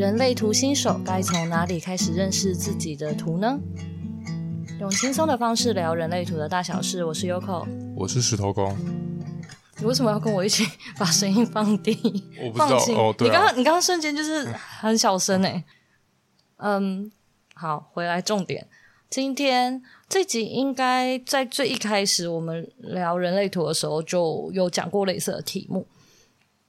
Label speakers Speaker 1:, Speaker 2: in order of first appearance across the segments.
Speaker 1: 人類圖新手該從哪裡開始認識自己的圖呢？用輕鬆的方式聊人類圖的大小事，我是 Yoko。
Speaker 2: 我是石頭公。
Speaker 1: 你為什麼要跟我一起把聲音放低？我不知道放哦，對啊。你剛剛你剛剛瞬間就是很小聲哎、欸。 嗯，好，回來重點。今天這集應該在最一開始我們聊人類圖的時候就有講過類似的題目。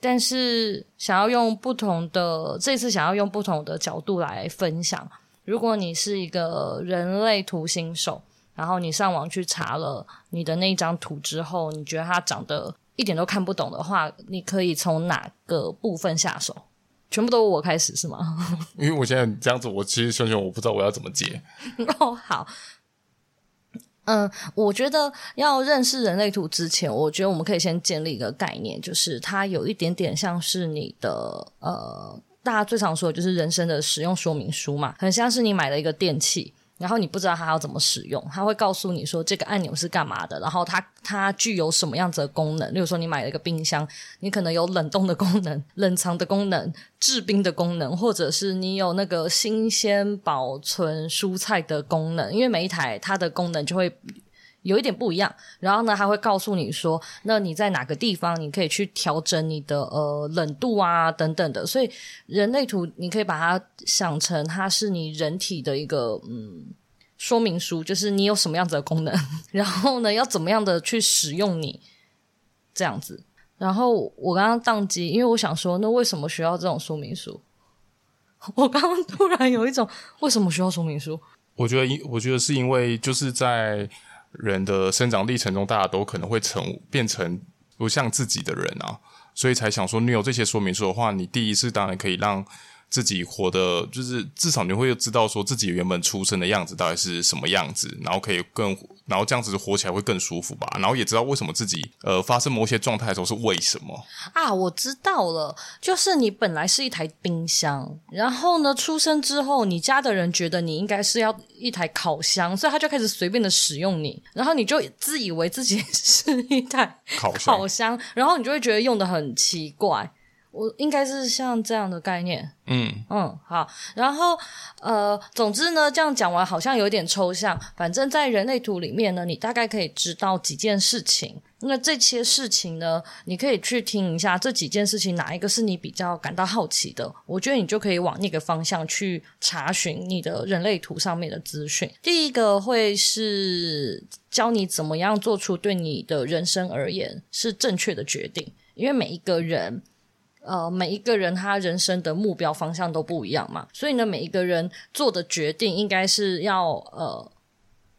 Speaker 1: 但是想要用不同的這次想要用不同的角度來分享。如果你是一個人類圖新手，然後你上網去查了你的那一張圖之後，你覺得它長得一點都看不懂的話，你可以從哪個部分下手？全部都我開始是嗎？
Speaker 2: 因為我現在這樣子，我其實熊熊我不知道我要怎麼解。
Speaker 1: 哦，好。嗯，我覺得要認識人類圖之前，我覺得我們可以先建立一個概念，就是它有一點點像是你的呃，大家最常說的就是人生的使用說明書嘛，很像是你買了一個電器。然後你不知道它要怎麼使用，它會告訴你說這個按鈕是幹嘛的，然後它它具有什麼樣子的功能。例如說，你買了一個冰箱，你可能有冷凍的功能、冷藏的功能、製冰的功能，或者是你有那個新鮮保存蔬菜的功能。因為每一台它的功能就會。有一點不一樣，然後呢，他會告訴你說，那你在哪個地方，你可以去調整你的呃冷度啊，等等的。所以人類圖，你可以把它想成它是你人體的一個嗯說明書，就是你有什麼樣子的功能，然後呢，要怎麼樣的去使用你這樣子。然後我剛剛宕機，因為我想說，那為什麼需要這種說明書？我剛剛突然有一種為什麼需要說明書？
Speaker 2: 我覺得因我覺得是因為就是在。人的生長歷程中，大家都可能會成變成不像自己的人啊，所以才想說，你有這些說明書的話，你第一次當然可以讓。自己活的，就是至少你會知道說，自己原本出生的樣子到底是什麼樣子，然後可以更，然後這樣子活起來會更舒服吧。然後也知道為什麼自己呃發生某些狀態的時候是為什麼
Speaker 1: 啊。我知道了，就是你本來是一台冰箱，然後呢出生之後，你家的人覺得你應該是要一台烤箱，所以他就開始隨便的使用你，然後你就自以為自己是一台烤箱、烤箱，然後你就會覺得用的很奇怪。我應該是像這樣的概念，嗯嗯，好，然後呃，總之呢，這樣講完好像有點抽象，反正在人類圖裡面呢，你大概可以知道幾件事情。那這些事情呢，你可以去聽一下，這幾件事情哪一個是你比較感到好奇的？我覺得你就可以往那個方向去查詢你的人類圖上面的資訊。第一個會是教你怎麼樣做出對你的人生而言是正確的決定，因為每一個人。呃，每一個人他人生的目標方向都不一樣嘛，所以呢，每一個人做的決定應該是要呃，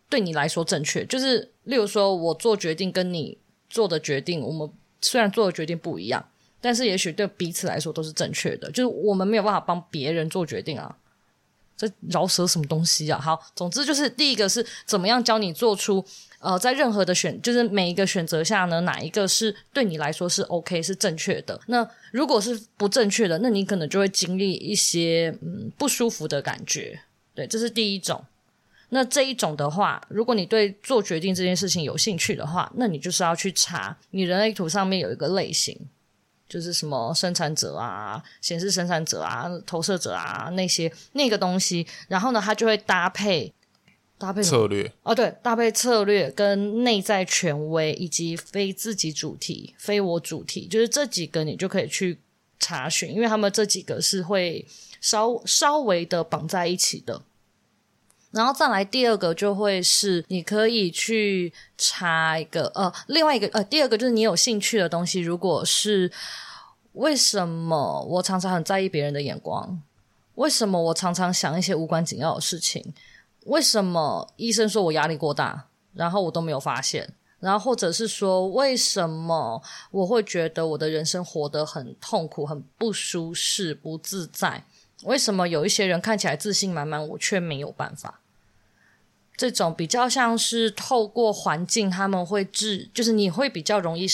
Speaker 1: 對你來說正確。就是例如說，我做決定跟你做的決定，我們雖然做的決定不一樣，但是也許對彼此來說都是正確的。就是我們沒有辦法幫別人做決定啊，這饒舌什麼東西啊？好，總之就是第一個是怎麼樣教你做出。呃，在任何的選，就是每一個選擇下呢，哪一個是對你來說是 OK 是正確的？那如果是不正確的，那你可能就會經歷一些嗯不舒服的感覺。對，這是第一種。那這一種的話，如果你對做決定這件事情有興趣的話，那你就是要去查你人類圖上面有一個類型，就是什麼生產者啊、顯示生產者啊、投射者啊那些那個東西，然後呢，它就會搭配。搭配策略啊、哦，對，搭配策略跟內在權威以及非自己主題、非我主題，就是這幾個你就可以去查詢，因為他們這幾個是會稍稍微的綁在一起的、嗯。然後再來第二個，就會是你可以去查一個呃，另外一個呃，第二個就是你有興趣的東西，如果是為什麼我常常很在意別人的眼光？為什麼我常常想一些無關緊要的事情？為什麼醫生說我壓力過大，然後我都沒有發現，然後或者是說為什麼我會覺得我的人生活得很痛苦、很不舒適、不自在？為什麼有一些人看起來自信滿滿，我卻沒有辦法？這種比較像是透過環境，他們會制，就是你會比較容易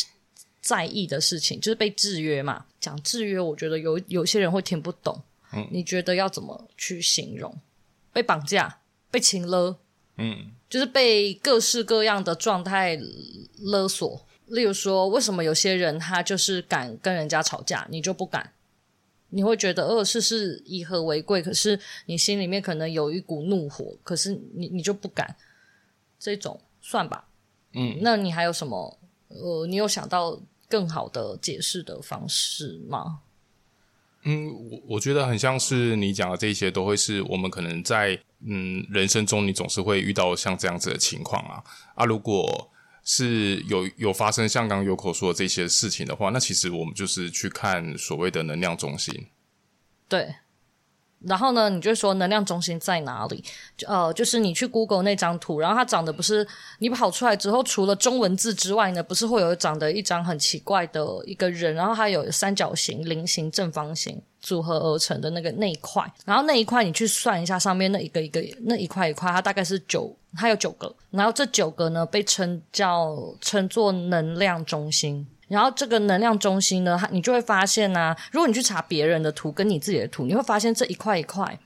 Speaker 1: 在意的事情，就是被制約嘛。講制約，我覺得有有些人會聽不懂。嗯，你覺得要怎麼去形容？嗯、被綁架？被情勒，嗯，就是被各式各樣的狀態勒索。例如說，為什麼有些人他就是敢跟人家吵架，你就不敢？你會覺得哦，事、呃、是，是以和為貴，可是你心裡面可能有一股怒火，可是你你就不敢。這種算吧，
Speaker 2: 嗯，
Speaker 1: 那你還有什麼？呃，你有想到更好的解釋的方式嗎？
Speaker 2: 嗯，我我覺得很像是你講的這些，都會是我們可能在嗯人生中，你總是會遇到像這樣子的情況啊。啊，如果是有有發生像剛有口說的這些事情的話，那其實我們就是去看所謂的能量中心。
Speaker 1: 對。然後呢，你就說能量中心在哪裡？呃，就是你去 Google 那張圖，然後它長得不是你跑出來之後，除了中文字之外呢，不是會有長得一張很奇怪的一個人，然後它有三角形、菱形、正方形組合而成的那個那一塊。然後那一塊你去算一下，上面那一個一個那一塊一塊，它大概是九，它有九個。然後這九個呢，被稱叫，稱作能量中心。然後這個能量中心呢，你就會發現呢、啊，如果你去查別人的圖跟你自己的圖，你會發現這一塊一塊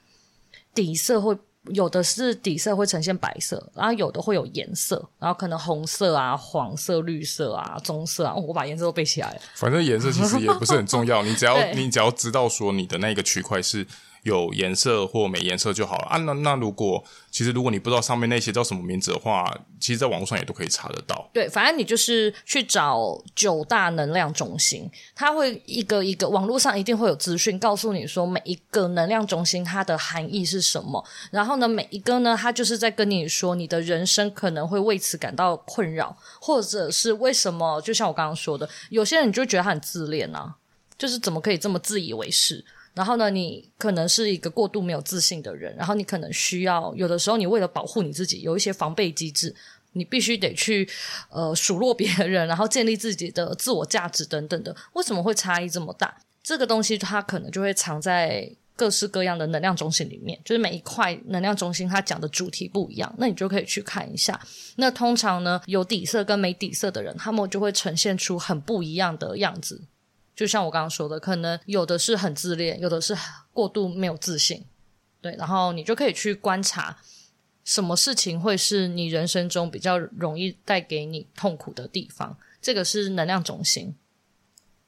Speaker 1: 底色會有的是底色會呈現白色，然後有的會有顏色，然後可能紅色啊、黃色、綠色啊、棕色啊。哦，我把顏色都背起來了。
Speaker 2: 反正顏色其實也不是很重要， 你只要你只要知道說你的那個區塊是。有顏色或沒顏色就好了啊。那那如果其實如果你不知道上面那些叫什麼名字的話，其實，在網絡上也都可以查得到。
Speaker 1: 對，反正你就是去找九大能量中心，它會一個一個網絡上一定會有資訊告訴你說每一個能量中心它的含義是什麼。然後呢，每一個呢，它就是在跟你說你的人生可能會為此感到困擾，或者是為什麼？就像我剛剛說的，有些人你就覺得他很自戀啊，就是怎麼可以這麼自以為是。然後呢，你可能是一個過度沒有自信的人，然後你可能需要，有的時候你為了保護你自己，有一些防備機制，你必須得去呃數落別人，然後建立自己的自我價值等等的。為什麼會差異這麼大？這個東西它可能就會藏在各式各樣的能量中心裡面，就是每一塊能量中心它講的主題不一樣，那你就可以去看一下。那通常呢，有底色跟沒底色的人，他們就會呈現出很不一樣的樣子。就像我剛剛說的，可能有的是很自戀，有的是過度沒有自信，對。然後你就可以去觀察什麼事情會是你人生中比較容易帶給你痛苦的地方，這個是能量中心。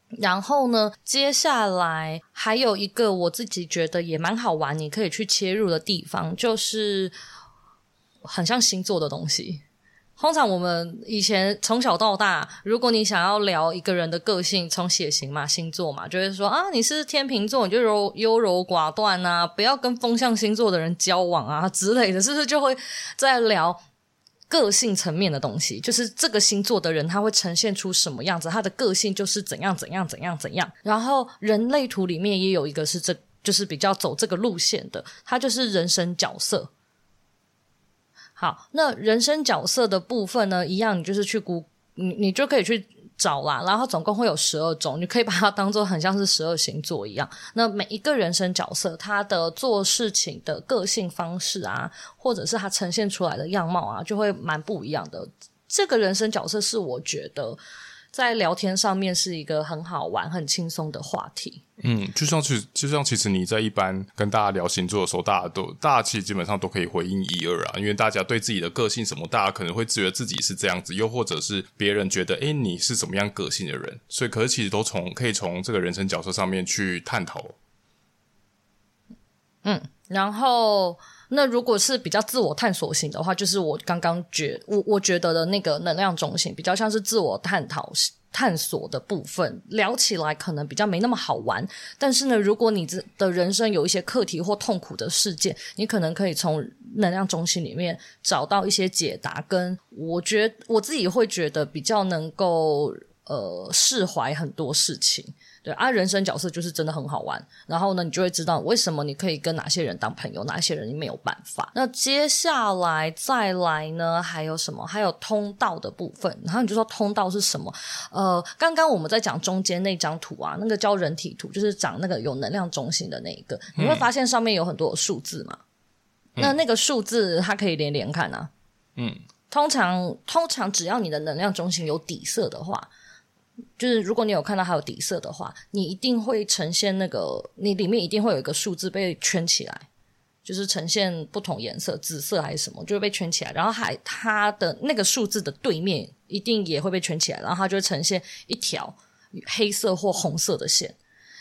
Speaker 1: 然後呢，接下來還有一個我自己覺得也蠻好玩，你可以去切入的地方，就是很像星座的東西。通常我們以前從小到大，如果你想要聊一個人的個性，從血型嘛、星座嘛，就會、是、說啊，你是天秤座，你就柔優柔寡斷吶、啊，不要跟風象星座的人交往啊之類的，是不是就會在聊個性層面的東西？就是這個星座的人他會呈現出什麼樣子，他的個性就是怎樣怎樣怎樣怎樣。然後人類圖裡面也有一個是這，這就是比較走這個路線的，他就是人生角色。好，那人生角色的部分呢，一樣，你就是去估 Go...，你你就可以去找啦。然後總共會有十二種，你可以把它當做很像是十二星座一樣。那每一個人生角色，他的做事情的個性方式啊，或者是他呈現出來的樣貌啊，就會蠻不一樣的。這個人生角色是我覺得，在聊天上面是一個很好玩、很輕鬆的話題。
Speaker 2: 嗯，就像其就像其實你在一般跟大家聊星座的時候，大家都大家其實基本上都可以回應一二啊，因為大家對自己的個性什麼，大家可能會覺得自己是這樣子，又或者是別人覺得哎、欸、你是怎麼樣個性的人，所以可是其實都從可以從這個人生角色上面去探討。
Speaker 1: 嗯，然後。那如果是比較自我探索型的話，就是我剛剛覺我我覺得的那個能量中心，比較像是自我探討探索的部分，聊起來可能比較沒那麼好玩。但是呢，如果你的的人生有一些課題或痛苦的事件，你可能可以從能量中心裡面找到一些解答。跟我覺我自己會覺得比較能夠呃釋懷很多事情。對啊，人生角色就是真的很好玩。然後呢，你就會知道為什麼你可以跟哪些人當朋友，哪些人你沒有辦法。那接下來再來呢？還有什麼？還有通道的部分。然後你就說通道是什麼？呃，剛剛我們在講中間那張圖啊，那個叫人體圖，就是長那個有能量中心的那一個。你會發現上面有很多的數字嘛。嗯。那那個數字它可以連連看啊。嗯，通常通常只要你的能量中心有底色的話。就是如果你有看到它有底色的話，你一定會呈現那個，你裡面一定會有一個數字被圈起來，就是呈現不同顏色，紫色還是什麼，就會被圈起來。然後還它的那個數字的對面一定也會被圈起來，然後它就會呈現一條黑色或紅色的線，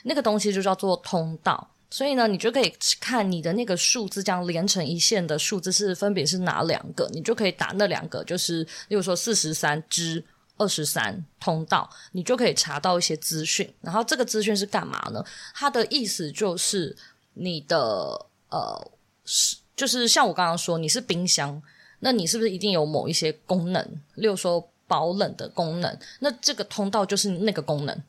Speaker 1: 那個東西就叫做通道。所以呢，你就可以看你的那個數字這樣連成一線的數字是分別是哪兩個，你就可以打那兩個，就是例如說四十三只，二十三通道，你就可以查到一些資訊。然後這個資訊是幹嘛呢？它的意思就是你的呃，是就是像我剛剛說，你是冰箱，那你是不是一定有某一些功能？例如說保冷的功能，那這個通道就是那個功能。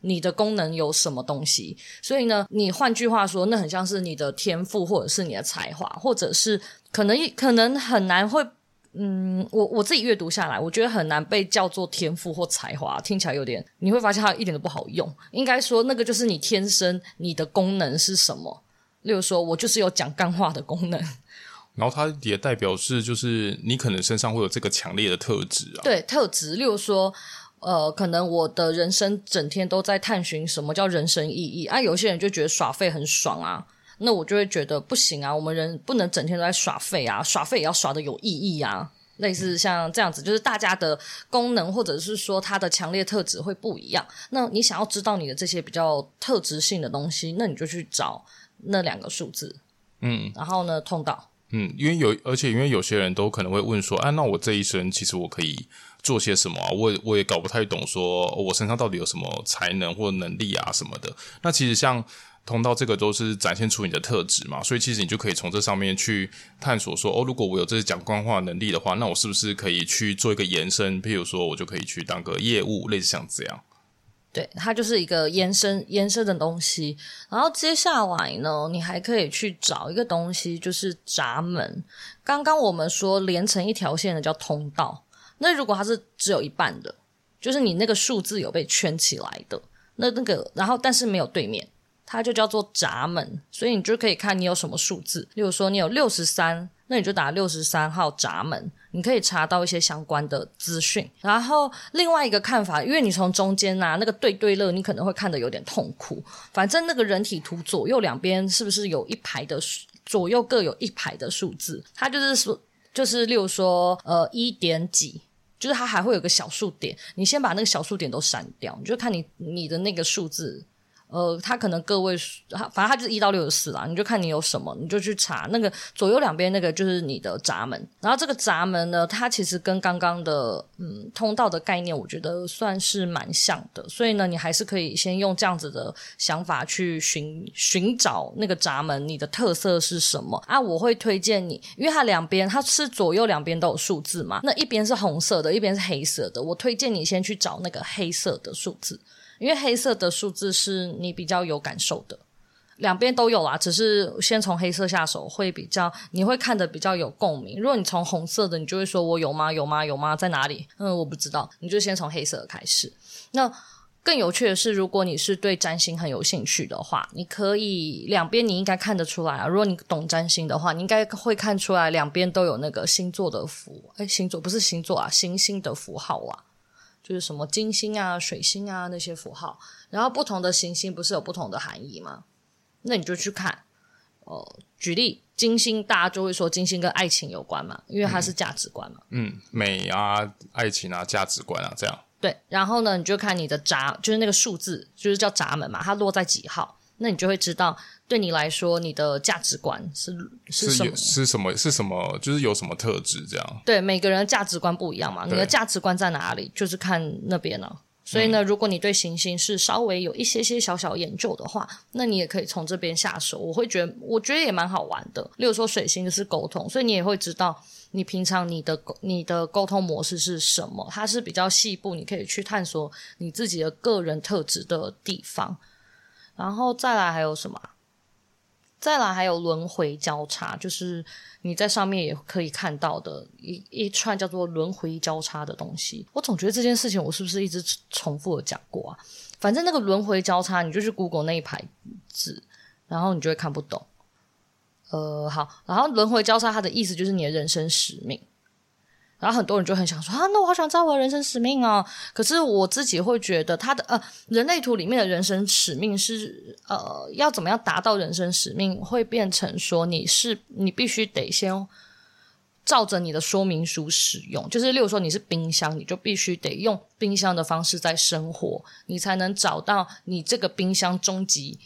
Speaker 1: 你的功能有什麼東西？所以呢，你換句話說，那很像是你的天賦，或者是你的才華，或者是可能可能很難會。嗯，我我自己閱讀下來，我覺得很難被叫做天賦或才華，聽起來有點，你會發現它一點都不好用。應該說，那個就是你天生你的功能是什麼。例如說，我就是有講幹話的功能。
Speaker 2: 然後它也代表是，就是你可能身上會有這個強烈的特質啊。
Speaker 1: 對，特質。例如說，呃，可能我的人生整天都在探尋什麼叫人生意義，啊，有些人就覺得耍廢很爽啊。那我就會覺得不行啊！我們人不能整天都在耍廢啊，耍廢也要耍得有意義啊。類似像這樣子，就是大家的功能或者是說他的強烈特質會不一樣。那你想要知道你的這些比較特質性的東西，那你就去找那兩個數字。嗯，然後呢，通道。
Speaker 2: 嗯，因為有，而且因為有些人都可能會問說，哎、啊，那我這一生其實我可以做些什麼啊？我也我也搞不太懂說，說、哦、我身上到底有什麼才能或能力啊什麼的。那其實像。通道這個都是展現出你的特質嘛，所以其實你就可以從這上面去探索說，哦，如果我有這些講官話能力的話，那我是不是可以去做一個延伸？譬如說，我就可以去當個業務，類似像這樣。
Speaker 1: 對，它就是一個延伸延伸的東西。然後接下來呢，你還可以去找一個東西，就是閘門。剛剛我們說連成一條線的叫通道，那如果它是只有一半的，就是你那個數字有被圈起來的，那那個然後但是沒有對面。它就叫做閘門，所以你就可以看你有什麼數字。例如說你有六十三，那你就打六十三號閘門，你可以查到一些相關的資訊。然後另外一個看法，因為你從中間啊那個對對樂，你可能會看得有點痛苦。反正那個人體圖左右兩邊是不是有一排的數？左右各有一排的數字，它就是說就是例如說呃一點幾，就是它還會有個小數點。你先把那個小數點都刪掉，你就看你你的那個數字。呃，它可能各位，反正它就是一到六十四啦。你就看你有什麼，你就去查那個左右兩邊那個就是你的閘門。然後這個閘門呢，它其實跟剛剛的嗯通道的概念，我覺得算是蠻像的。所以呢，你還是可以先用這樣子的想法去尋尋找那個閘門，你的特色是什麼啊？我會推薦你，因為它兩邊它是左右兩邊都有數字嘛，那一邊是紅色的，一邊是黑色的。我推薦你先去找那個黑色的數字。因為黑色的數字是你比較有感受的，兩邊都有啊，只是先從黑色下手會比較，你會看得比較有共鳴。如果你從紅色的，你就會說我有嗎？有嗎？有嗎？在哪裡？嗯，我不知道。你就先從黑色的開始。那更有趣的是，如果你是對占星很有興趣的話，你可以兩邊你應該看得出來啊。如果你懂占星的話，你應該會看出來兩邊都有那個星座的符。誒，星座不是星座啊，行星的符號啊。就是什麼金星啊、水星啊那些符號，然後不同的行星不是有不同的含義嗎？那你就去看，呃，舉例金星，大家就會說金星跟愛情有關嘛，因為它是價值觀嘛。嗯，
Speaker 2: 嗯，美啊、愛情啊、價值觀啊這樣。
Speaker 1: 對，然後呢，你就看你的閘，就是那個數字，就是叫閘門嘛，它落在幾號，那你就會知道。對你來說，你的價值觀是是，
Speaker 2: 是什麼？是什麼？是什麼？就是有什麼特質這樣？
Speaker 1: 對，每個人的價值觀不一樣嘛。你的價值觀在哪裡？就是看那邊呢、啊嗯。所以呢，如果你對行星是稍微有一些些小小研究的話，那你也可以從這邊下手。我會覺得，我覺得也蠻好玩的。例如說，水星就是溝通，所以你也會知道你平常你的你的溝通模式是什麼。它是比較細部，你可以去探索你自己的個人特質的地方。然後再來還有什麼？再來還有輪迴交叉，就是你在上面也可以看到的一一串叫做輪迴交叉的東西。我總覺得這件事情，我是不是一直重複的講過啊？反正那個輪迴交叉，你就去 Google 那一排字，然後你就會看不懂。呃，好，然後輪迴交叉它的意思就是你的人生使命。然後很多人就很想說啊，那我好想知道我的人生使命啊！可是我自己會覺得它，他的呃人類圖裡面的人生使命是呃，要怎麼樣達到人生使命，會變成說，你是你必須得先照着你的說明書使用。就是例如說你是冰箱，你就必須得用冰箱的方式在生活，你才能找到你這個冰箱終極。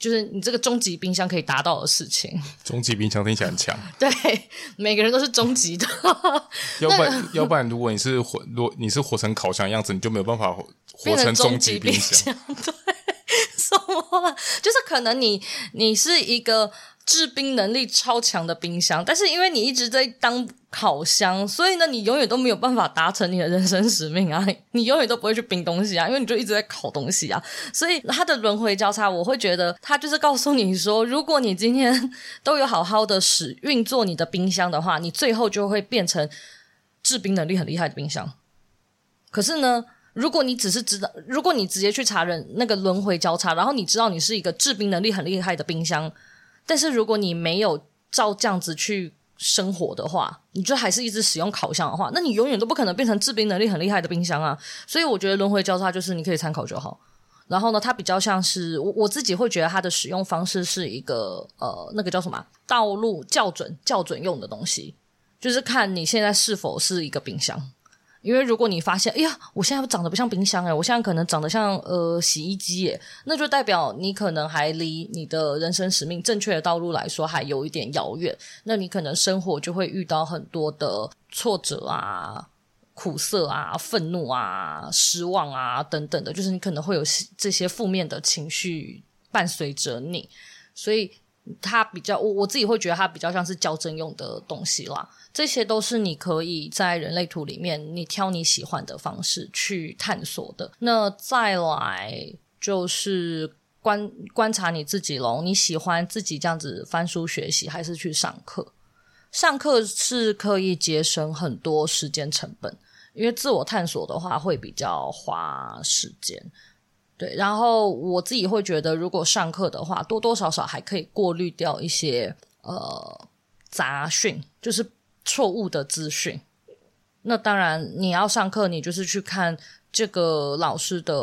Speaker 1: 就是你這個終極冰箱可以達到的事情。
Speaker 2: 終極冰箱聽起來很強。
Speaker 1: 對，每個人都是終極的。 要不然， 要
Speaker 2: 不然如，如果你是活，如果你是活成烤箱的樣子，你就沒有辦法活成，成終極冰
Speaker 1: 箱。對，什麼？就是可能你，你是一個製冰能力超強的冰箱，但是因為你一直在當烤箱，所以呢，你永遠都沒有辦法達成你的人生使命啊！你永遠都不會去冰東西啊，因為你就一直在烤東西啊。所以它的輪迴交叉，我會覺得它就是告訴你說，如果你今天都有好好的使運作你的冰箱的話，你最後就會變成製冰能力很厲害的冰箱。可是呢，如果你只是知道，如果你直接去查人那個輪迴交叉，然後你知道你是一個製冰能力很厲害的冰箱。但是如果你沒有照這樣子去生活的話，你就還是一直使用烤箱的話，那你永遠都不可能變成制冰能力很厲害的冰箱啊。所以我覺得輪迴交叉就是你可以參考就好。然後呢，它比較像是我我自己會覺得它的使用方式是一個呃，那個叫什麼啊，道路校準校準用的東西，就是看你現在是否是一個冰箱。因為如果你發現，哎呀，我現在長得不像冰箱哎，我現在可能長得像呃洗衣機耶，那就代表你可能還離你的人生使命正確的道路來說，還有一點遙遠。那你可能生活就會遇到很多的挫折啊、苦澀啊、憤怒啊、失望啊等等的，就是你可能會有這些負面的情緒伴隨着你，所以它比較，我我自己會覺得它比較像是校正用的東西啦。這些都是你可以在人類圖裡面，你挑你喜歡的方式去探索的。那再來就是觀觀察你自己嘍。你喜歡自己這樣子翻書學習，還是去上課？上課是可以節省很多時間成本，因為自我探索的話會比較花時間。對，然後我自己會覺得，如果上課的話，多多少少還可以過濾掉一些呃雜訊，就是。錯誤的資訊，那當然你要上課，你就是去看。這個老師的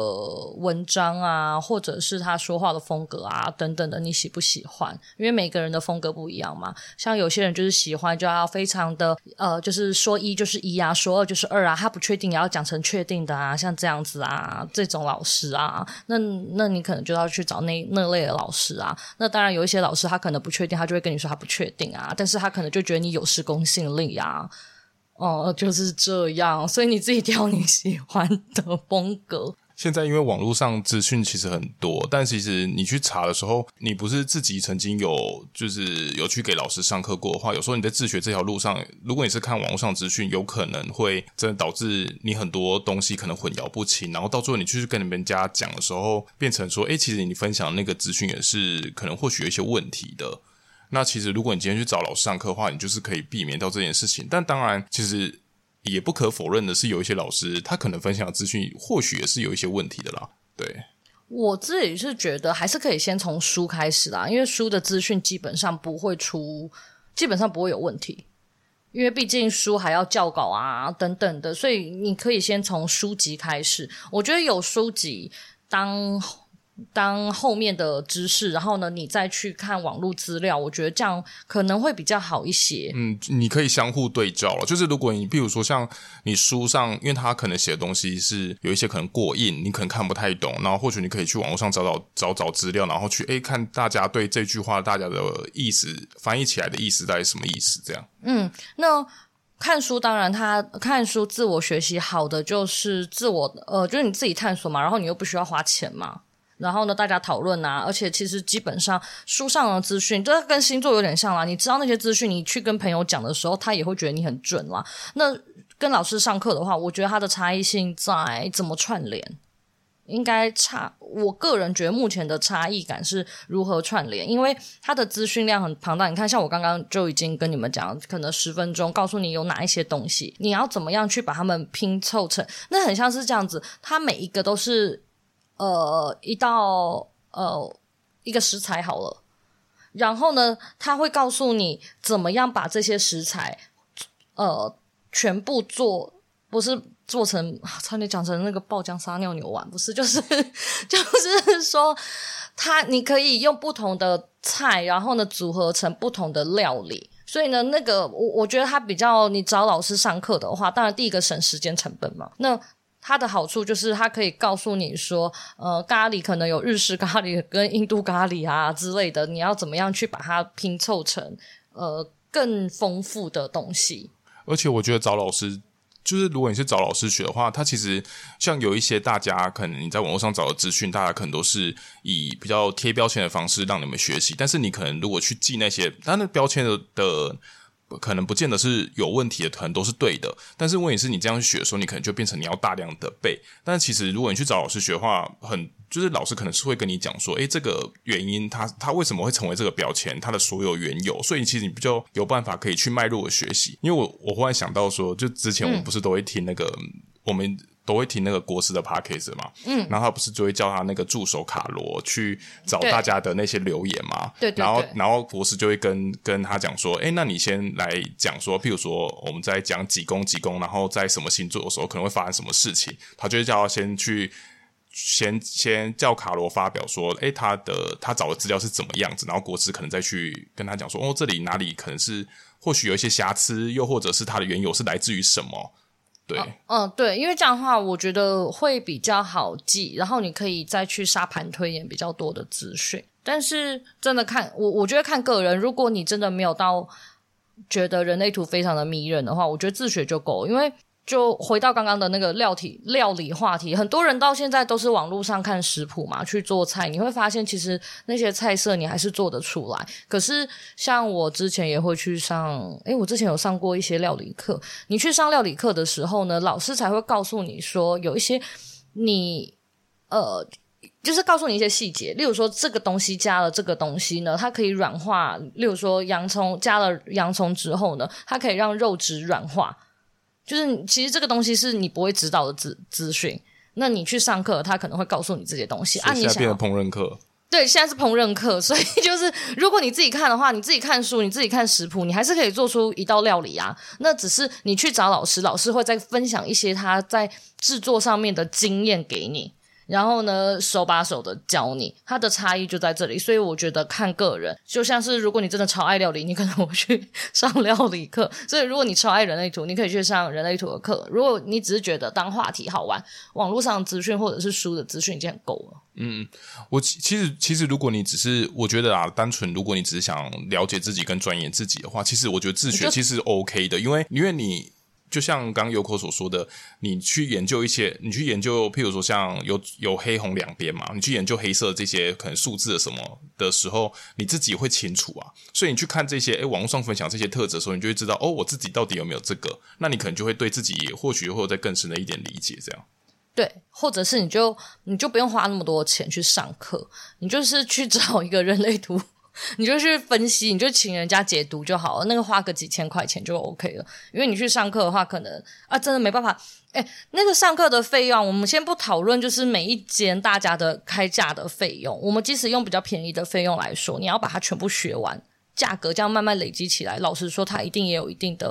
Speaker 1: 文章啊，或者是他說話的風格啊，等等的，你喜不喜歡？因為每個人的風格不一樣嘛。像有些人就是喜歡，就要非常的呃，就是說一就是一啊，說二就是二啊，他不確定也要講成確定的啊，像這樣子啊，這種老師啊，那那你可能就要去找那那類的老師啊。那當然有一些老師他可能不確定，他就會跟你說他不確定啊，但是他可能就覺得你有失公信力啊。哦，就是這樣。所以你自己挑你喜歡的風格。
Speaker 2: 現在因為網絡上資訊其實很多，但其實你去查的時候，你不是自己曾經有就是有去給老師上課過的話，有時候你在自學這條路上，如果你是看網絡上資訊，有可能會真的導致你很多東西可能混淆不清，然後到最後你去跟人家講的時候，變成說，哎，其實你分享那個資訊也是可能或許有一些問題的。那其實，如果你今天去找老師上課的話，你就是可以避免到這件事情。但當然，其實也不可否認的是，有一些老師他可能分享的資訊或許也是有一些問題的啦。對，
Speaker 1: 我自己是覺得還是可以先從書開始啦，因為書的資訊基本上不會出，基本上不會有問題，因為畢竟書還要校稿啊等等的，所以你可以先從書籍開始。我覺得有書籍當。當後面的知識，然後呢，你再去看網絡資料，我覺得這樣可能會比較好
Speaker 2: 一些。嗯，你可以相互對照了。就是如果你，比如說像你書上，因為他可能寫的東西是有一些可能過硬，你可能看不太懂，然後或許你可以去網絡上找找找找資料，然後去誒、欸、看大家對這句話大家的意思翻譯起來的意思到底什麼意思？這樣。嗯，
Speaker 1: 那看書當然他，他看書自我學習好的就是自我呃，就是你自己探索嘛，然後你又不需要花錢嘛。然後呢，大家討論啊，而且其實基本上書上的資訊，這跟星座有點像啦。你知道那些資訊，你去跟朋友講的時候，他也會覺得你很準啦。那跟老師上課的話，我覺得它的差異性在怎麼串聯，應該差。我個人覺得目前的差異感是如何串聯，因為它的資訊量很龐大。你看，像我剛剛就已經跟你們講，可能十分鐘告訴你有哪一些東西，你要怎麼樣去把它們拼湊成，那很像是這樣子，它每一個都是。呃，一道呃一個食材好了，然後呢，他會告訴你怎麼樣把這些食材呃全部做，不是做成，啊，差點講成那個爆漿撒尿牛丸，不是就是就是說，他你可以用不同的菜，然後呢組合成不同的料理。所以呢，那個我我覺得它比較，你找老師上課的話，當然第一個省時間成本嘛。那它的好處就是它可以告訴你說，呃，咖喱可能有日式咖喱跟印度咖喱啊之類的，你要怎麼樣去把它拼湊成呃更豐富的東西。
Speaker 2: 而且我覺得找老師，就是如果你是找老師學的話，它其實像有一些大家可能你在網絡上找的資訊，大家可能都是以比較貼標籤的方式讓你們學習，但是你可能如果去記那些，它那標籤的，的可能不見得是有問題的，可能都是對的。但是問題是，你這樣學的時候，你可能就變成你要大量的背。但其實，如果你去找老師學的話，很就是老師可能是會跟你講說，誒、欸，這個原因，它它為什麼會成為這個標籤，它的所有緣由。所以，其實你比較有辦法可以去脈絡的學習。因為我我忽然想到說，就之前我們不是都會聽那個、嗯、我們。都會聽那個國師的 podcast 嘛，嗯，然後他不是就會叫他那個助手卡羅去找大家的那些留言嘛，對，然後對對對，然後國師就會跟跟他講說，哎，那你先來講說，譬如說我們在講幾宮幾宮，然後在什麼星座的時候可能會發生什麼事情，他就會叫他先去先先叫卡羅發表說，哎，他的他找的資料是怎麼樣子，然後國師可能再去跟他講說，哦，這裡哪裡可能是或許有一些瑕疵，又或者是它的緣由是來自於什麼。對，
Speaker 1: 哦，嗯，對，因為這樣的話，我覺得會比較好記，然後你可以再去沙盤推演比較多的資訊。但是真的看我，我覺得看個人，如果你真的沒有到覺得人類圖非常的迷人的話，我覺得自學就夠，因為。就回到剛剛的那個料體料理話題，很多人到現在都是網絡上看食譜嘛，去做菜，你會發現其實那些菜色你還是做得出來。可是像我之前也會去上，誒，我之前有上過一些料理課。你去上料理課的時候呢，老師才會告訴你說有一些你呃，就是告訴你一些細節，例如說這個東西加了這個東西呢，它可以軟化；例如說洋蔥加了洋蔥之後呢，它可以讓肉質軟化。就是其實這個東西是你不會指導的資資訊，那你去上課，他可能會告訴你這些東西。以啊，你現在變成烹飪課？對，現在是烹飪課，所以就是如果你自己看的話，你自己看書，你自己看食譜，你還是可以做出一道料理啊。那只是你去找老師，老師會再分享一些他在製作上面的經驗給你。然後呢，手把手的教你，它的差異就在這裡。所以我覺得看個人，就像是如果你真的超愛料理，你可能會去上料理課，所以如果你超愛人類圖，你可以去上人類圖的課。如果你只是覺得當話題好玩，網絡上資訊或者是書的資訊已經很夠了。嗯，我其
Speaker 2: 實其實，其實如果你只是我覺得啊，單純如果你只是想了解自己跟專業自己的話，其實我覺得自學其實 OK 的，因為因為你。就像剛剛優酷所說的，你去研究一些，你去研究，譬如說像有有黑紅兩邊嘛，你去研究黑色這些可能數字的什麼的時候，你自己會清楚啊。所以你去看這些，哎、欸，網絡上分享這些特質的時候，你就會知道，哦，我自己到底有沒有這個？那你可能就會對自己或許會有再更深的一點理解，這樣。
Speaker 1: 對，或者是你就你就不用花那麼多錢去上課，你就是去找一個人類圖。你就去分析，你就請人家解讀就好了。那個花個幾千塊錢就 OK 了。因為你去上課的話，可能啊，真的沒辦法。誒，那個上課的費用，我們先不討論，就是每一間大家的開價的費用。我們即使用比較便宜的費用來說，你要把它全部學完。價格這樣慢慢累積起來，老實說，它一定也有一定的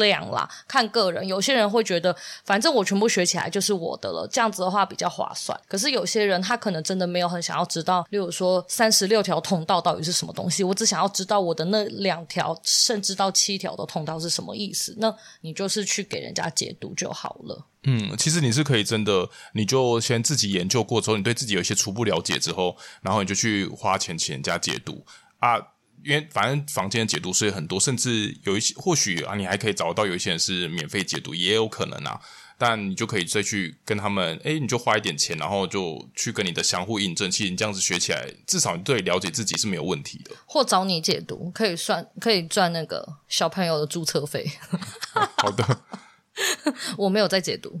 Speaker 1: 量啦。看個人，有些人會覺得，反正我全部學起來就是我的了，這樣子的話比較划算。可是有些人他可能真的沒有很想要知道，例如說三十六條通道到底是什麼東西，我只想要知道我的那兩條甚至到七條的通道是什麼意思。那你就是去給人家解讀就好了。
Speaker 2: 嗯，其實你是可以真的，你就先自己研究過之後，你對自己有一些初步了解之後，然後你就去花錢請人家解讀啊。因為反正房間的解讀是很多，甚至有一些或許啊，你還可以找到有一些人是免費解讀，也有可能啊。但你就可以再去跟他們，哎，你就花一點錢，然後就去跟你的相互印證。其實你這樣子學起來，至少你對了解自己是沒有問題的。
Speaker 1: 或找你解讀，可以算可以賺那個小朋友的注冊費。 哦，好的， 我沒有再解讀，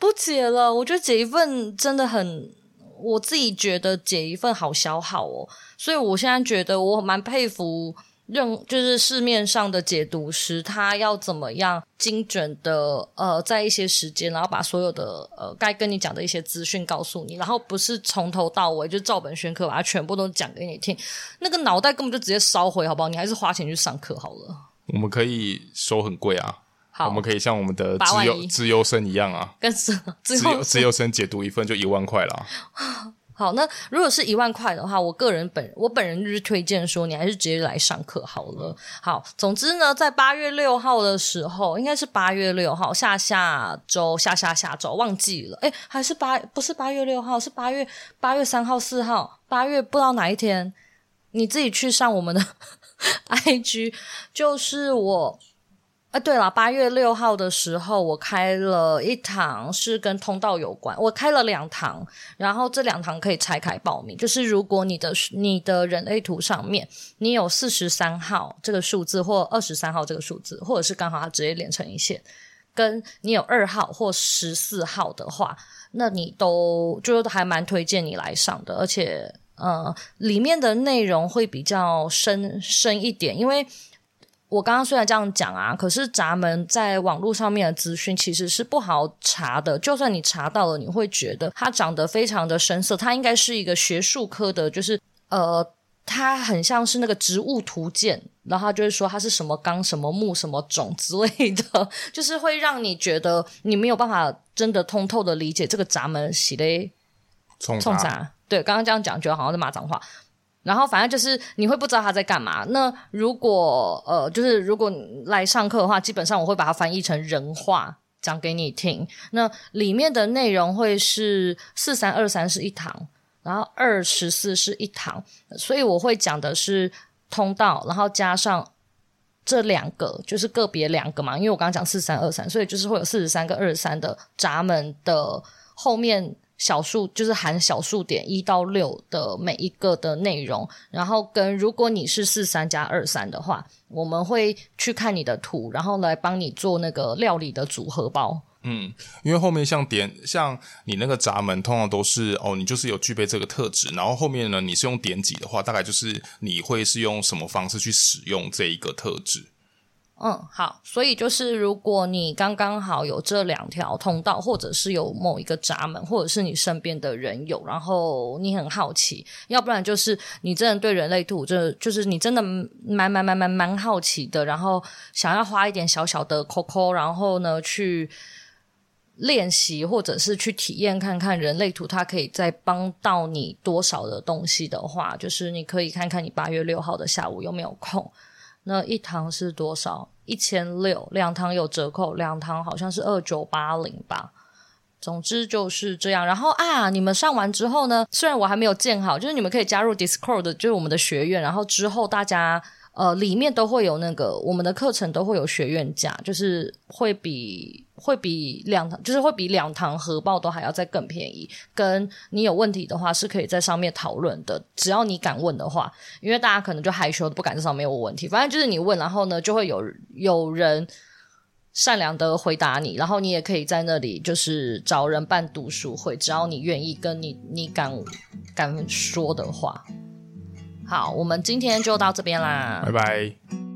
Speaker 1: 不解了。我覺得解一份真的很。我自己覺得解一份好消耗哦，所以我現在覺得我蠻佩服任就是市面上的解讀師，他要怎麼樣精準的呃在一些時間，然後把所有的呃該跟你講的一些資訊告訴你，然後不是從頭到尾就照本宣科把它全部都講給你聽，那個腦袋根本就直接燒毀，好不好？你還是花錢去上課好了。
Speaker 2: 我們可以收很貴啊。我們可以像我們的資優資優生一樣啊，
Speaker 1: 跟資優資優
Speaker 2: 生解讀一份就一萬塊啦。
Speaker 1: 好，那如果是一萬塊的話，我個人本人我本人就是推薦說，你還是直接來上課好了。好，總之呢，在八月六號的時候，應該是八月六號，下下周下下下周忘記了，哎、欸，還是八不是八月六號，是八月八月三號四號八月不知道哪一天，你自己去上我們的 IG，就是我。啊、對了，八月六號的時候，我開了一堂是跟通道有關，我開了兩堂，然後這兩堂可以拆開報名。就是如果你的你的人類圖上面你有四十三號這個數字，或二十三號這個數字，或者是剛好它直接連成一線，跟你有二號或十四號的話，那你都就還蠻推薦你來上的，而且呃，裡面的內容會比較深深一點，因為。我剛剛雖然這樣講啊，可是閘門在網絡上面的資訊其實是不好查的。就算你查到了，你會覺得它長得非常的深色。它應該是一個學術科的，就是呃，它很像是那個植物圖鑑，然後就是說它是什麼綱、什麼目、什麼種之類的，就是會讓你覺得你沒有辦法真的通透的理解這個閘門系列衝閘？對，剛剛這樣講，覺得好像在罵髒話。然後反正就是你會不知道他在幹嘛。那如果呃，就是如果來上課的話，基本上我會把它翻譯成人話講給你聽。那裡面的內容會是四三二三是一堂，然後二十四是一堂，所以我會講的是通道，然後加上這兩個就是個別兩個嘛。因為我剛剛講四三二三，所以就是會有四十三跟二十三的閘門的後面。小數就是含小數點一到六的每一個的內容，然後跟如果你是四三加二三的話，我們會去看你的圖，然後來幫你做那個料理的組合包。
Speaker 2: 嗯，因為後面像點，像你那個閘門，通常都是哦，你就是有具備這個特質，然後後面呢，你是用點幾的話，大概就是你會是用什麼方式去使用這一個特質。
Speaker 1: 嗯，好，所以就是如果你剛剛好有這兩條通道，或者是有某一個閘門，或者是你身邊的人有，然後你很好奇，要不然就是你真的對人類圖就是、就是你真的蠻蠻蠻蠻蠻蠻好奇的，然後想要花一點小小的扣扣，然後呢去練習或者是去體驗看看人類圖它可以再幫到你多少的東西的話，就是你可以看看你八月六號的下午有沒有空。那一堂是多少？一千六，兩堂有折扣，兩堂好像是二九八零吧。總之就是這樣。然後啊，你們上完之後呢，雖然我還沒有建好，就是你們可以加入 Discord，就是我們的學院。然後之後大家。呃，裡面都會有那個，我們的課程都會有學院價，就是會比會比兩堂，就是會比兩堂合報都還要再更便宜，跟你有問題的話，是可以在上面討論的，只要你敢問的話，因為大家可能就害羞不敢在上面問問題。反正就是你問，然後呢，就會有有人善良的回答你，然後你也可以在那裡就是找人辦讀書會，只要你願意跟你你敢敢說的話。好，我們今天就到這邊啦，拜
Speaker 2: 拜。